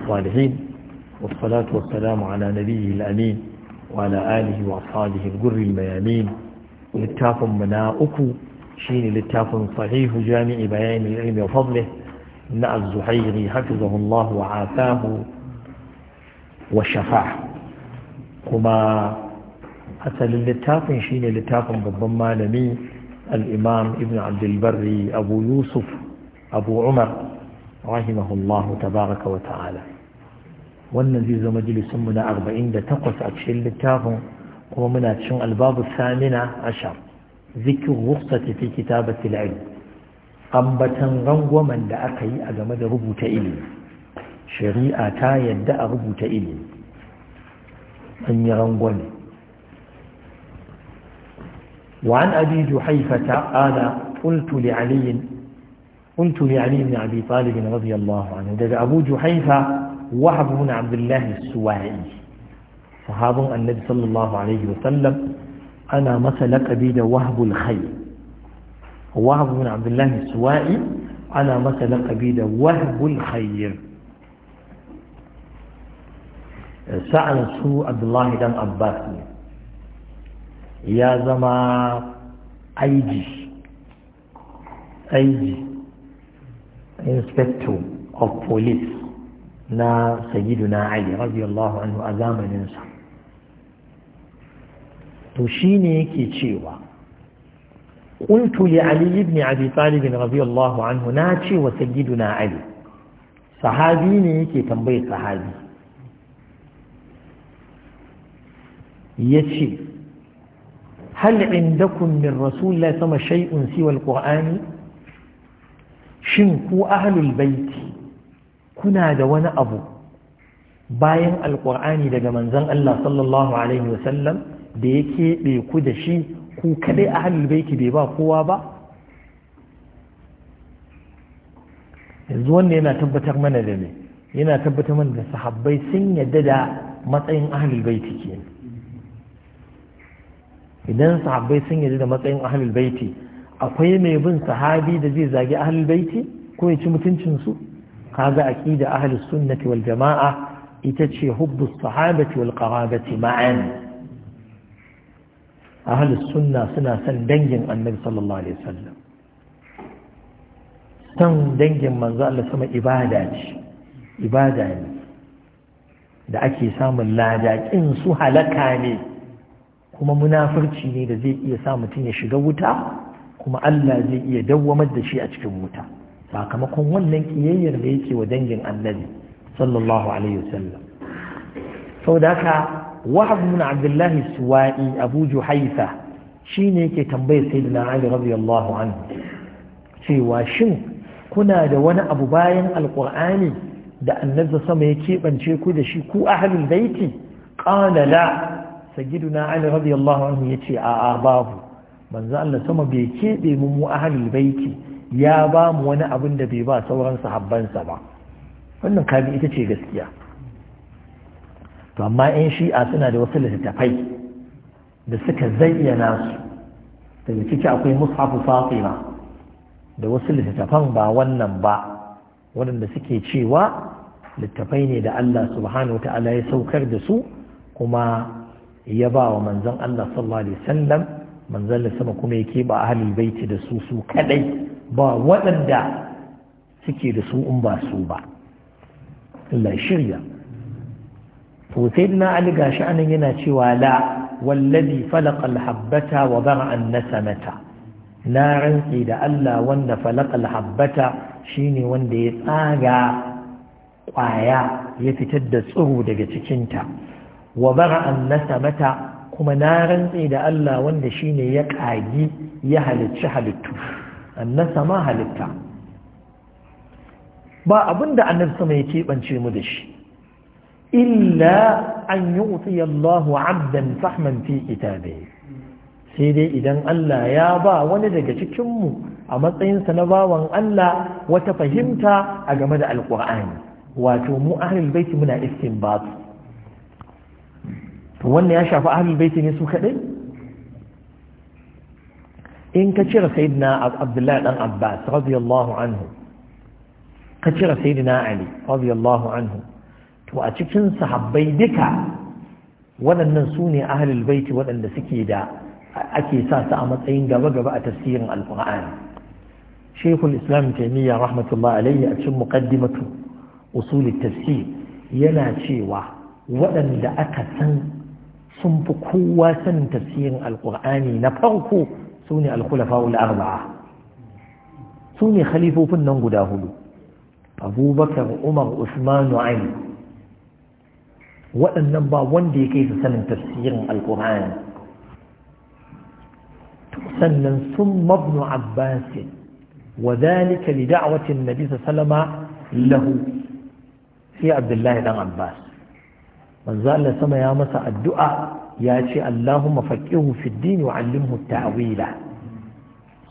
الصالحين والصلاة والسلام على نبيه الأمين وعلى آله وأصحابه الجر الميامين ولتاف مناؤكو شين لتاف صحيح جامع بيان العلم وفضله إن الزحيري حفظه الله وعافاه وشفاه كما أسأل لتاف شين لتاف بالضمان الإمام ابن عبد البر أبو يوسف أبو عمر rahimahullahu tabaraka wa ta'ala wannan zai zama mu na 48 a cikin littafin kuma muna cikin albabu samina ashar zikin rukhsati fi kitabati al-ilm ambatan rangwamen da aka yi a game da rubuta ilimi shari'a ta yadda a rubuta ilimi an yi rangwame وعن أبي جحيفة قال قلت لعلي قلت لعلي بن أبي طالب رضي الله عنه ده أبو جحيفة وهب بن عبد الله السوائي صحاب النبي صلى الله عليه وسلم أنا مثل قبيل وهب الخيل وهب بن عبد الله السوائي أنا مثل قبيل وهب الخير سأل سوء عبد الله بن عباس يا زما أيجي أيجي inspector of police na sayyiduna Ali radiyallahu anhu a zamaninsa to shine yake cewa qultu li Ali ibn Abi Talib radiyallahu na ce wa sayyiduna Ali sahabi ne yake tambaye sahabi yace هل عندكم من رسول الله sama الله عليه وسلم شيء سوى القران shin ku ahlul baiti kuna da wani abu bayan alƙur'ani daga manzon Allah sallallahu alaihi wasallam da ya keɓe ku da shi ku kadai ahlul baiti bai ba kowa ba yanzu wannan yana tabbatar mana da ne yana tabbatar mana da sahabbai sun yadda da matsayin ahlul baiti ke idan sahabbai sun yadda da matsayin ahlul baiti akwai mai bin sahabi da zai zagi ahlul baiti ko ya ci mutuncin su kaga aqida ahlus sunnati wal jamaa ita ce hubbu sahabati wal qarabati ma'an ahlus sunna suna san dangin annabi sallallahu alaihi wasallam san dangin manzo Allah sama ibada ce ibada ne da ake samun lada su halaka ne kuma munafurci ne da zai iya sa mutum ya shiga wuta kuma Allah zai iya dawwamar da shi a cikin wuta sakamakon wannan kiyayyar da yake wa dangin annabi sallallahu alaihi wasallam sau da haka wahab abdullahi suwa'i abu juhaifa shine yake tambayar sayyidina ali radiyallahu anhu cewa shin kuna da wani abu bayan alqur'ani da annabi sama ya keɓance ku da shi ku ahlul baiti qala la sayyiduna ali radiyallahu anhu yace a'a babu manzo Allah sama bai keɓe mu mu ahlul baiti ya ba mu wani abin da bai ba sauran sahabbansa ba wannan kabi ita ce gaskiya to amma yan shi'a suna da wasu littattafai da suka zayyana su daga ciki akwai mushafu fatima da wasu littattafan ba wannan ba waɗanda suke cewa littattafai ne da Allah subhanahu ta'ala ya saukar da su kuma ya ba wa manzon Allah sallallahu alaihi wasallam manzon sama kuma ya keɓa ahalul baiti da su su kadai ba waɗanda suke da su in ba su ba Allah shirya to sai dina ali gashi anan yana cewa la wallazi falaqa alhabbata wa an-nasamata na rantsi da Allah wanda falaqa alhabbata shine wanda ya tsaga kwaya ya fitar da tsiro daga cikinta wa bara'a an-nasamata kuma na rantse da Allah wanda shine ya ƙagi ya halicci halittu annasa ma halitta ba abinda annabi sama ya keɓance mu da shi illa an yi Allah 'abdan fahman fi kitabihi sai dai idan Allah ya ba wani daga cikin mu a matsayinsa na bawan Allah wata fahimta a game da alƙur'ani wato mu ahlul baiti muna bas? to wannan ya shafi ahlul baiti ne su kadai in ka cire sayyidina abdullahi dan abbas radiyallahu anhu ka cire sayyidina ali radiyallahu anhu to a cikin sahabbai duka waɗannan su ne ahlul baiti waɗanda suke da ake sa su a matsayin gaba-gaba a tafsirin alkur'ani shekul islam taimiyya rahmatullah alayhi a cikin muqaddimatu usul tafsir yana cewa waɗanda aka san sun fi kowa sanin tafsirin alkur'ani na farko su ne alkulafa'ul arba'a su ne khalifofin nan guda hudu abubakar umar usmanu ali waɗannan ba wanda ya kai su sanin tafsirin alkur'ani sannan sun mabnu abbasin wa zalika li da'watin nabi sallama lahu sai abdullahi dan abbas manzo Allah sama ya masa addu'a ya ce Allahumma faqihu fid din wa 'allimhu at-ta'wila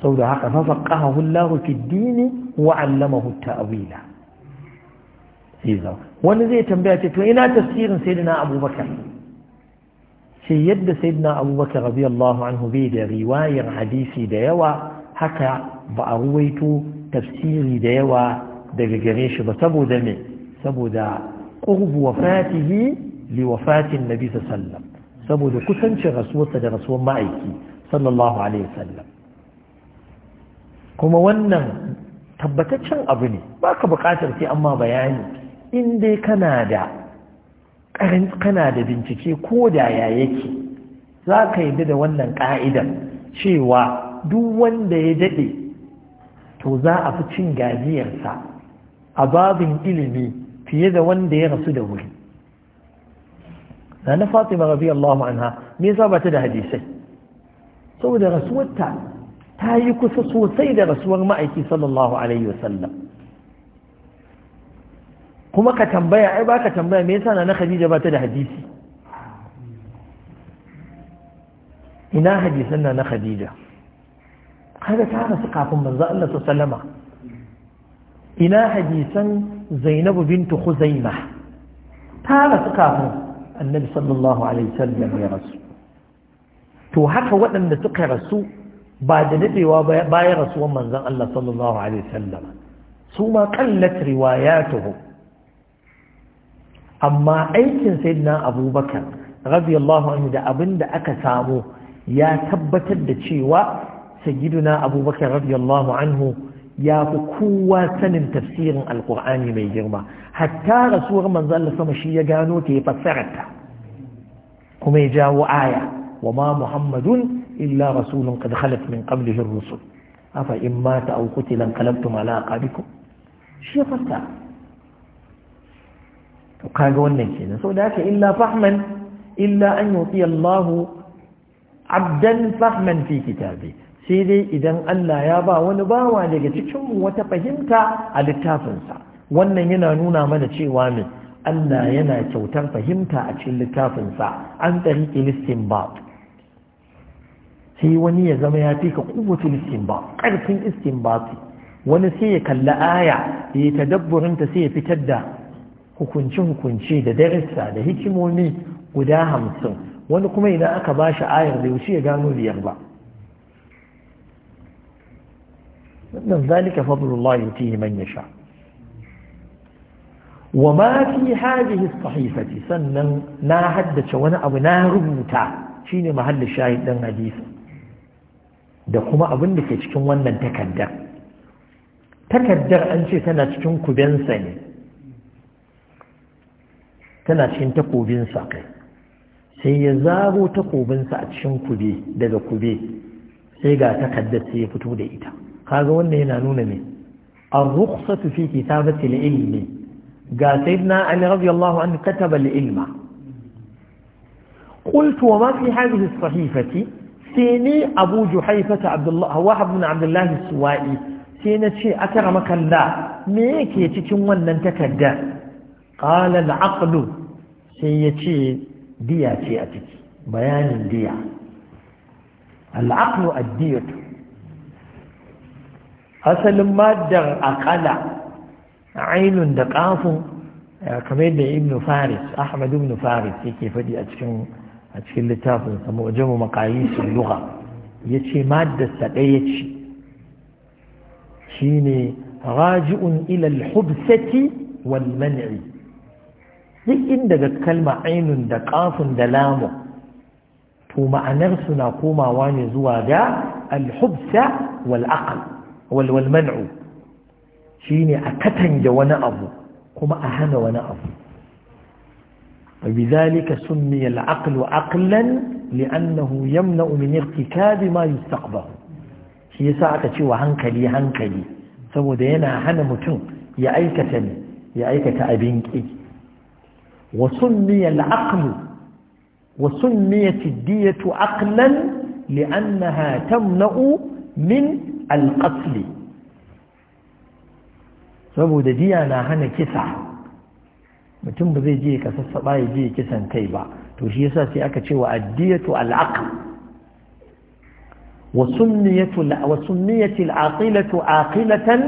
saboda haka fa faqahahu Allah fid din wa 'allamahu at-ta'wila wani zai tambaya ce to ina tafsirin sayyidina Abubakar sai yadda sayyidina Abubakar radiyallahu anhu bai da riwayar hadisi da yawa haka ba a ruwaito tafsiri da yawa daga gare shi ba saboda me saboda qurbu wafatihi liwafatin nabi sallam saboda kusancin rasuwarsa da rasuwar ma'aiki sallallahu alaihi wasallam kuma wannan tabbataccen abu ne baka ka bukatar sai amma bayani in dai kana da da bincike ko da ya yake za ka yi da wannan ka'idar cewa duk wanda ya daɗe to za a fi cin gajiyarsa a babin ilimi fiye da wanda ya rasu da wuri na na fatima radiyallahu anha me yasa ba ta da hadisai saboda rasuwarta ta yi kusa sosai da rasuwar ma'aiki sallallahu alaihi wasallam kuma ka tambaya ai ba ka tambaya me yasa na na khadija ba ta da hadisi ina hadisan na na khadija Kada ta rasu kafin manzo Allah sallama ina hadisan Zainabu bintu Khuzaimah ta rasu kafin annabi sallallahu alaihi wasallam ya rasu to haka waɗanda suka rasu ba da dadewa bayan rasuwan manzon Allah sallallahu alaihi wasallam su ma kallat riwayatuhu amma aikin sayyidina abubakar radiyallahu anhu da abinda aka samu ya tabbatar da cewa sayyidina abubakar radiyallahu anhu ya fi kowa sanin tafsirin alkur'ani mai girma hatta rasuwar manzo Allah sama shi ya gano ta ya fassara kuma ya jawo aya wa ma muhammadun illa rasulun qad khalat min qablihi ar-rusul afa in mata aw qutila qalabtum ala aqabikum shi ya fassara to kaga wannan kenan sau da haka illa fahman illa an yuti Yallahu abdan fahman fi kitabi sai dai idan Allah ya ba wani bawa daga cikin wata fahimta a littafinsa wannan yana nuna mana cewa min Allah yana kyautar fahimta a cikin littafinsa an tsari listin ba sai wani ya zama ya fi ka listin istinba ƙarfin istinbati wani sai ya kalla aya ya tadabburinta sai ya fitar da hukunce-hukunce da darissa da hikimomi guda hamsin wani kuma idan aka ba shi ayar da yaushe ya gano biyar ba wannan zalika fadlullahi yutihi man yasha wa ma fi hadhihi sahifati sannan na haddace wani abu na rubuta shine mahallin shahid din hadisi da kuma abin da ke cikin wannan takaddar takaddar an ce tana cikin kubensa ne tana cikin takobinsa kai sai ya zabo takobinsa a cikin kube daga kube sai ga takaddar sai ya fito da ita kaga wannan yana nuna me ar rukhsatu fi kitabati al-ilmi ga sayyidina ali radiyallahu anhu kataba al-ilma قلت وما في هذه الصحيفة سيني أبو جحيفة عبد الله هو بن عبد الله السوائي سينتشي أكرمك الله ميك يتكم ونن تكدى قال العقل سيتشي ديا تيأتك بيان ديا العقل الدية أصل مادة أقلع عيل دقاف آه، كميد ابن فارس أحمد ابن فارس يكي فدي أتكلم أتكلم لتاف معجم مقاييس اللغة يتي مادة تقيتي شيني راجع إلى الحبسة والمنع ليك عندك الكلمة عين دقاف دلام تو معنرسنا كوما واني زواجا الحبسة والعقل والمنع shine a katange wani abu kuma a hana wani abu وبذلك سمي العقل عقلا لأنه يمنع من ارتكاب ما يستقبل shi yasa aka ce wa hankali hankali saboda yana hana mutum ya aikata ne ya aikata abin ki wa summiya al-aql wa summiyat ad-diyatu li'annaha tamna'u min al saboda diya na hana kisa mutum ba zai je ka sassaɓa ya je kisan kai ba to shi yasa sai aka ce wa addiyatu al'aql wa sunniyatu wa sunniyatu al'aqilatu aqilatan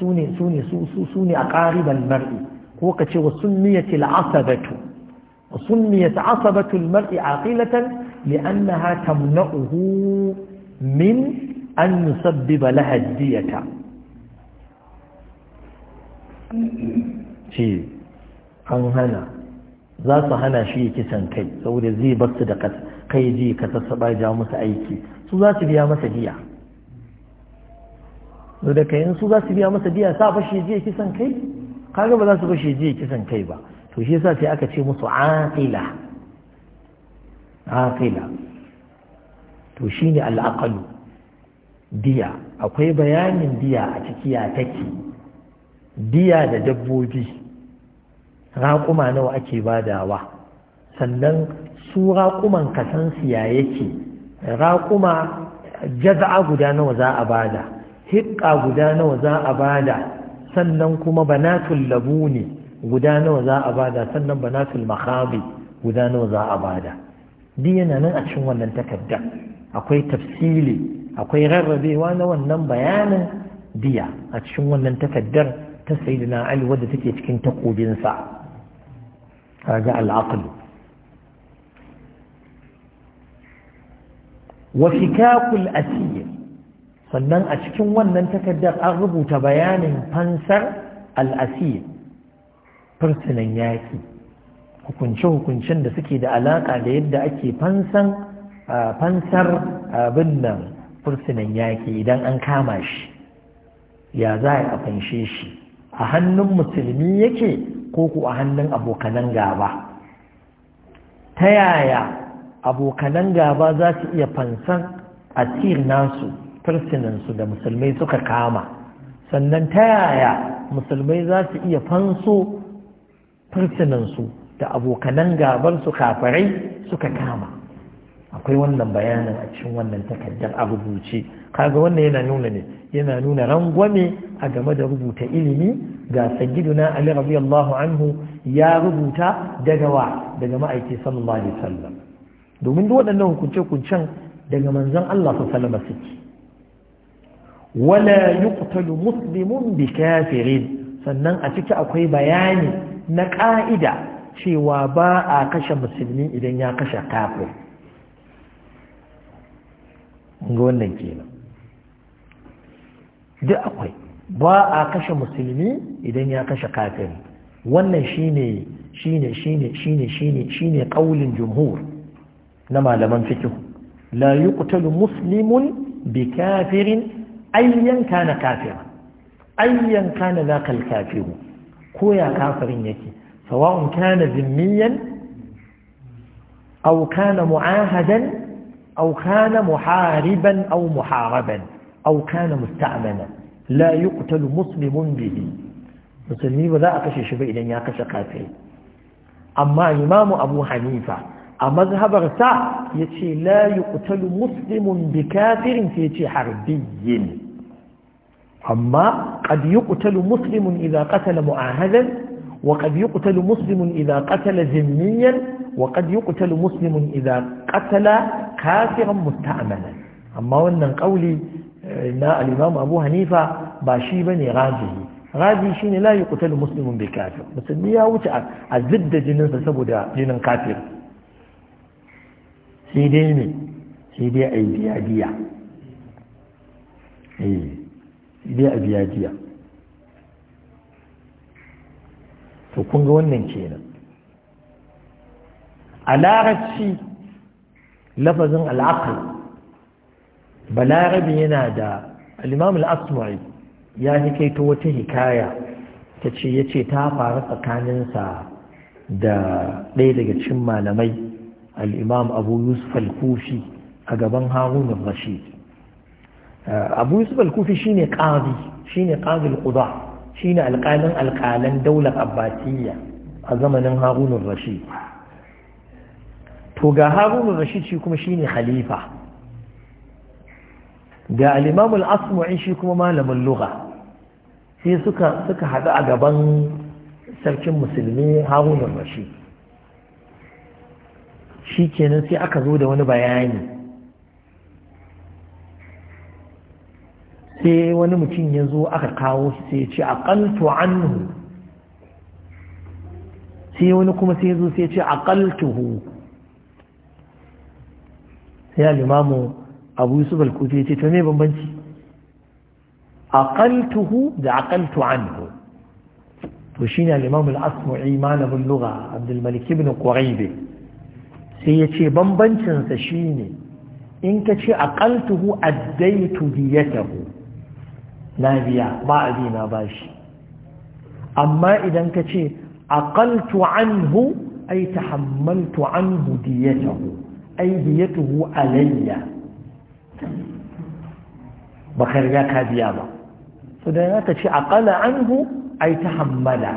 sune uh, sune su sune aqaribal mar'i ko ka ce wa sunniyatu al'asabatu wa sunniyatu asabatu al-mar'i aqilatan li'annaha tamna'uhu min an yusabbiba laha diyata ce an hana za su hana shi ya kisan kai saboda zai bar su da kai ji ka sassaɓa ja musu aiki su za su biya masa biya da kayan su za su biya masa biya sa bashi je kisan kai kaga ba za su bashi je kisan kai ba to shi yasa sai aka ce musu aqila aqila to shine al-aqlu diya akwai bayanin diya a ciki ya take diya da dabbobi raƙuma nawa ake badawa sannan su raƙuman kasan siya yake raƙuma jaza'a guda nawa za a bada hiƙa guda nawa za a bada sannan kuma banatul labuni guda nawa za a bada sannan banatul makhabi guda nawa za a bada Diya yana nan a cikin wannan takarda akwai tafsili akwai rarrabewa na wannan bayanin Diya a cikin wannan takardar. ta na ali wadda take cikin takobinsa kaga al'aqlu wa fikakul asir sannan a cikin wannan takardar an rubuta bayanin fansar al'asir fursunan yaƙi hukunce-hukuncen da suke da alaƙa da yadda ake fansar abin nan fursunan yaƙi idan an kama shi ya za a fanshe shi a hannun musulmi yake ko ku a hannun abokanan gaba ta yaya abokanan gaba za su iya fansan asir nasu firsinansu da musulmai suka kama sannan ta yaya musulmai za su iya fanso firsinansu da abokanan su kafirai suka kama akwai wannan bayanin a cikin wannan takardar a rubuce kaga wannan yana nuna ne yana nuna rangwame a game da rubuta ilimi ga na ali radiyallahu anhu ya rubuta daga wa daga ma'aiki sallallahu alaihi wasallam domin duk waɗannan hukunce-hukuncen daga manzon Allah sallallahu alaihi wasallam suke wala yuqtalu muslimun bi kafirin sannan a ciki akwai bayani na ka'ida cewa ba a kashe musulmi idan ya kashe kafir ga wannan kenan duk akwai ba a kashe musulmi idan ya kashe kafiri wannan shine shine shine shine shine shine kaulin jumhur na malaman fiqh la yuqtalu muslimun bi kafirin ayyan kana kafira ayyan kana zakal kafiru ko ya kafirin yake sawa'un kana zimmiyan aw kana mu'ahadan aw kana muhariban aw muharaban aw kana musta'manan la yuqtalu muslimun bihi musulmi ba za a kashe shi ba idan ya kashe kafiri amma imamu abu hanifa a mazhabarsa ya ce la yuqtalu muslimun bi kafirin sai ce harbiyyin amma qad yuqtalu muslimun idza qatala mu'ahadan wa qad yuqtalu muslimun idza qatala zimmiyan wa qad yuqtalu muslimun idza qatala kafiran musta'amalan, amma wannan kauli na al abu hanifa ba shi bane rajihi rajihi shine layi yuqtalu muslimun bi kafir musulmi ya wuce a zidda jininsa saboda jinin kafir sai dai ne sai dai a yi biyadiya eh, sai dai a biyadiya to kun ga wannan kenan a larabci lafazin al'aqal balarabi yana da al-imam ya hikaito wata hikaya ta ce ya ce ta faru tsakaninsa da ɗaya daga cikin malamai al abu yusuf al-kufi a gaban harun rashid uh, abu yusuf al-kufi ƙazi. Shi ne qadi al Shi ne alƙalin alƙalin daular abbasiyya a zamanin harun rashid to ga harun rashid shi kuma shine khalifa ga alimamul imam asmai shi kuma malamin lugha sai suka suka hadu a gaban sarkin musulmi harun al-rashid shi kenan sai aka zo da wani bayani sai wani mutum ya zo aka kawo shi sai ya ce aqaltu anhu sai wani kuma sai ya zo sai ya ce aqaltuhu sai alimamu. abu yusuf al-kufi ya ce to me bambanci aqaltuhu da aqaltu anhu to shine al-imam al-asmu'i malamin lugha abdul malik ibn quraibi sai ya ce bambancin sa shine in ka ce aqaltuhu addaitu diyatahu na biya ba abina bashi amma idan ka ce aqaltu anhu ay tahammaltu anhu diyatahu ay diyatuhu alayya baka riga ka biya ba to da ya ta ce a anhu ai tahammala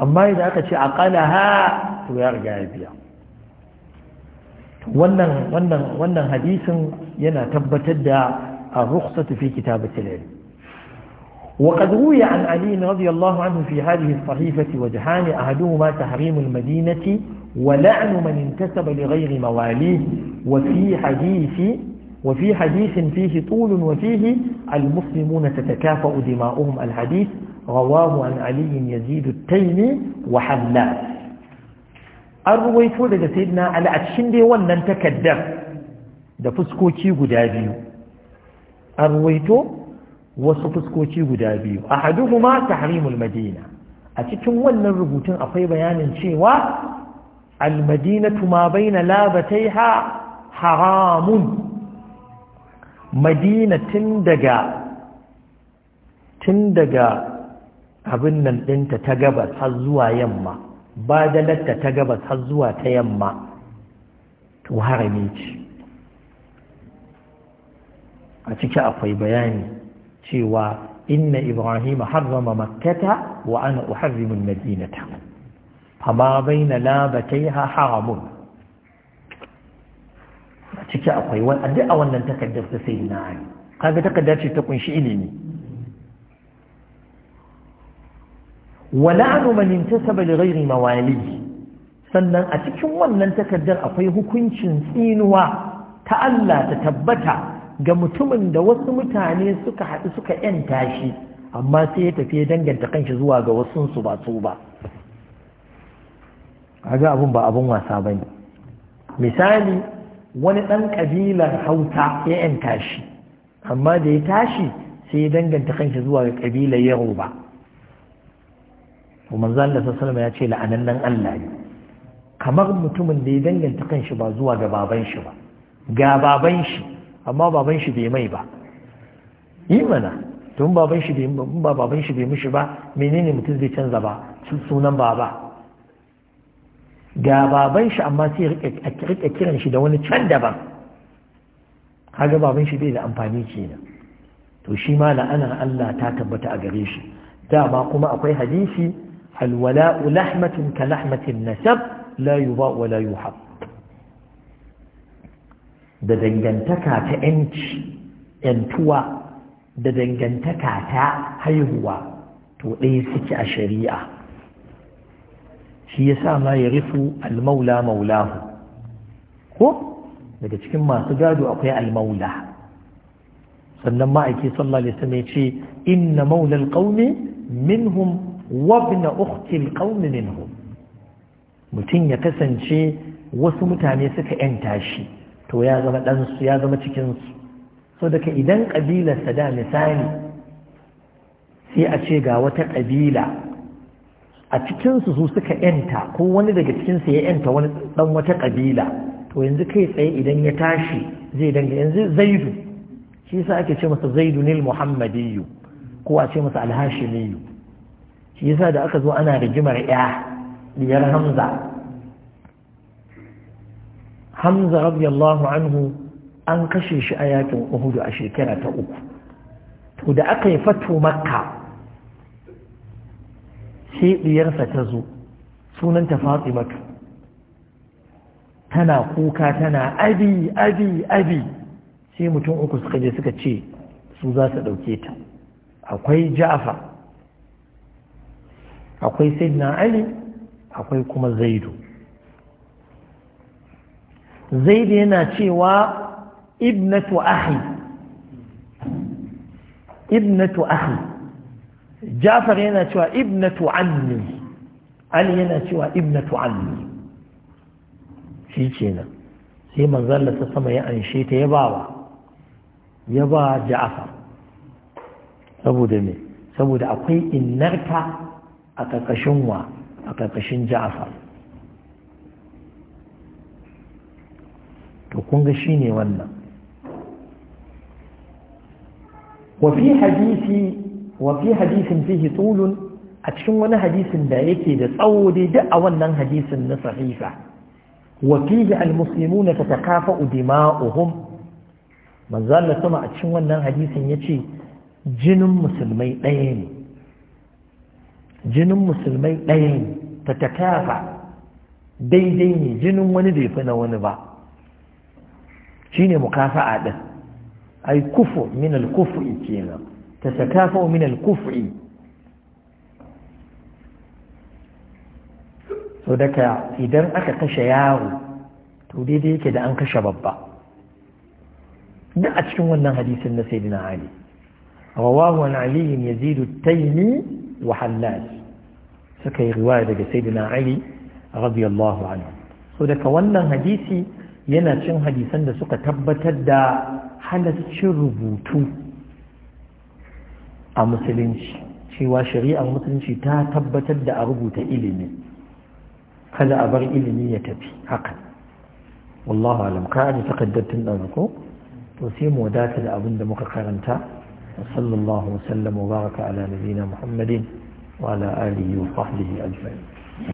amma idan aka ce aqala ha to ya riga ya biya wannan hadisin yana tabbatar da الرخصة في كتابة العلم وقد روي عن علي رضي الله عنه في هذه الصحيفة وجهان أحدهما تحريم المدينة ولعن من انتسب لغير مواليه وفي حديث وفي حديث فيه طول وفيه المسلمون تتكافأ دماؤهم الحديث رواه عن علي يزيد التيمي وحلال الرويتو لدى سيدنا على أتشين دي ونن تكدر da fuskoki guda biyu an ruwaito wasu fuskoki guda biyu a haduhuma tahrimul madina a cikin wannan rubutun akwai bayanin cewa al-madinatu ma baina labataiha haramun madina tun daga tun daga abin nan ɗinta ta gabas har zuwa yamma ba da ta gabas har zuwa ta yamma to harami ce a ciki akwai bayani cewa inna ibrahim harrama makkata wa ana uharrimu madinata fama baina labataiha haramun a ciki akwai wani a wannan takardar ta sai na ari kaga takarda ce ta kunshi ilimi wala'anu man intasaba li ghairi mawalihi sannan a cikin wannan takardar akwai hukuncin tsinuwa ta Allah ta tabbata ga mutumin da wasu mutane suka haɗu suka ‘yanta shi amma sai ya tafi danganta kanshi zuwa ga wasu su ba su ba kaga abun ba abun wasa bane misali wani ɗan ƙabilar hauta ya ‘yanta tashi, amma da ya tashi sai ya danganta kanshi zuwa ga ƙabilar ba kuma zan da sassalma ya ce la'anannan allah ne kamar mutumin da ya danganta kanshi ba zuwa ga baban shi ba ga baban shi amma baban shi bai mai ba yi mana tun baban shi bai mishi ba menene mutum zai canza ba sunan baba ga baban shi amma sai rike kiran shi da wani can daban kaga baban shi bai da amfani kenan to shi ma la'anar Allah ta tabbata a gare shi dama kuma akwai hadisi alwala'u lahmatun ka lahmatin nasab la yuba wa la da dangantaka ta yanci yantuwa da dangantaka ta haihuwa to ɗaya suke a shari'a shi ya sa ma ya rifu almaula maulahu ko daga cikin masu gado akwai almaula sannan ma'aiki sallallahu alaihi wasallam ya ce inna maulal qaumi minhum wa ibn ukhti alqaumi minhum mutum ya kasance wasu mutane suka yanta shi to ya zama ɗansu ya zama cikinsu so daga idan ƙabilarsa da misali sai a ce ga wata ƙabila a cikinsu su suka yanta ko wani daga cikinsu ya yanta wani dan wata kabila to yanzu kai tsaye idan ya tashi zai danga yanzu zaidu shi yasa ake ce masa zaidu nil muhammadiyyu ko a ce masa alhashimiyyu shi yasa da aka zo ana rigimar ya diyar hamza hamza radiyallahu anhu an kashe shi a yakin uhudu a shekara ta uku to da aka yi fato makka sai ɗiyarsa ta zo sunanta fatimatu tana kuka tana abi abi abi sai mutum uku suka je suka ce su za su ɗauke ta akwai ja'afa akwai sayyidina ali akwai kuma zaidu zaidu yana cewa ibnatu ahi ibnatu ahi jafar yana cewa ibnatu anni ali yana cewa ibnatu anni shi kenan sai manzalla ta sama ya anshe ta ya bawa ya ba ja'afar saboda me saboda akwai innarta a ƙarƙashin wa a ƙarƙashin ja'afar to kun ga shine wannan wa fi hadisi wafi hadisin fihi tulun a cikin wani hadisin da yake da tsawo daidai a wannan hadisin na sahifa wafi da almusulmi na ta kafa udima uhum manzala sama a cikin wannan hadisin ya ce jinin musulmai ɗaya ne jinin musulmai ɗaya ne ta ta daidai ne jinin wani bai fi na wani ba shine mukafa'a din ai kufu min alkufu kenan تتكافأ من الكفء so daga idan aka kashe yaro to daidai yake da an kashe babba duk a cikin wannan hadisin na sayyidina ali rawahu an ali yazid at-taymi wa hallal suka yi riwaya daga sayyidina ali radiyallahu anhu Sau daga wannan hadisi yana cin hadisan da suka tabbatar da halaccin rubutu a musulunci cewa shari'ar musulunci ta tabbatar da a rubuta ilimi kada a bar ilimi ya tafi haka wallahu alam ka takardar tun ɗan ko to sai mu wadata da abin da muka karanta sallallahu wasallam wa baraka ala nabiyina muhammadin wa ala alihi wa sahbihi ajma'in